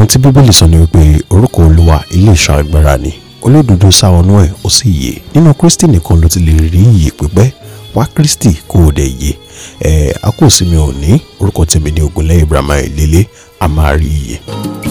ohun tí bíbélì sọ ni wípé orúkọ olúwa ilé ìṣọ́ agbára ni olódodo sá ọnú ẹ̀ ó sì yè nínú kristi nìkan ló ti lè rí ìyè pípẹ́ wá kristi kó o dẹ̀ yè ẹ̀ a kò sí mi orúkọ tèmi ní ogunlẹ̀ ibrahima ìlélẹ́ a máa rí iye.